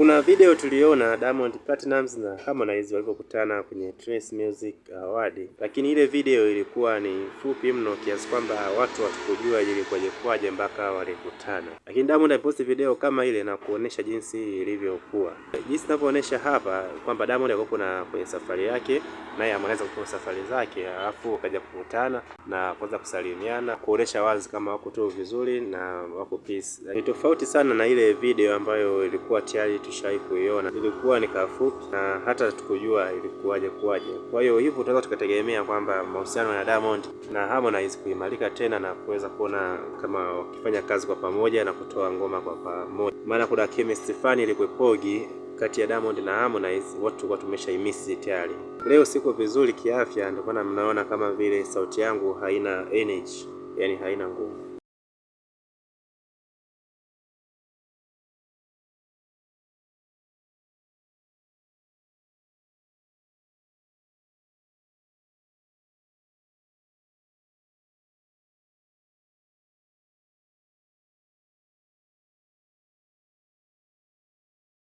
Kuna video tuliona Diamond Platinumz na Harmonize walivyokutana kwenye Trace Music Award, lakini ile video ilikuwa ni fupi mno kiasi kwamba watu watukujua ilikuwaje kwaje mpaka walikutana. Lakini Diamond aliposti video kama ile na kuonesha jinsi ilivyokuwa. Jinsi inavyoonesha hapa kwamba Diamond alikuwa na kwenye safari yake naye amaliza kutoka safari zake, alafu akaja kukutana na kuanza kusalimiana kuonesha wazi kama wako tu vizuri na wako peace. Ni tofauti sana na ile video ambayo ilikuwa tayari tulishawahi kuiona, ilikuwa ni kafupi na hata tukujua ilikuwaje kuwaje. Kwa hiyo hivyo tunaweza tukategemea kwamba mahusiano ya Diamond na Harmonize kuimarika tena na kuweza kuona kama wakifanya kazi kwa pamoja na kutoa ngoma kwa pamoja, maana kuna chemistry fulani ilikuwepogi kati ya Diamond na Harmonize, watu tulikuwa tumeshaimisi tayari. Leo siko vizuri kiafya, ndio maana mnaona kama vile sauti yangu haina energy, yani haina nguvu.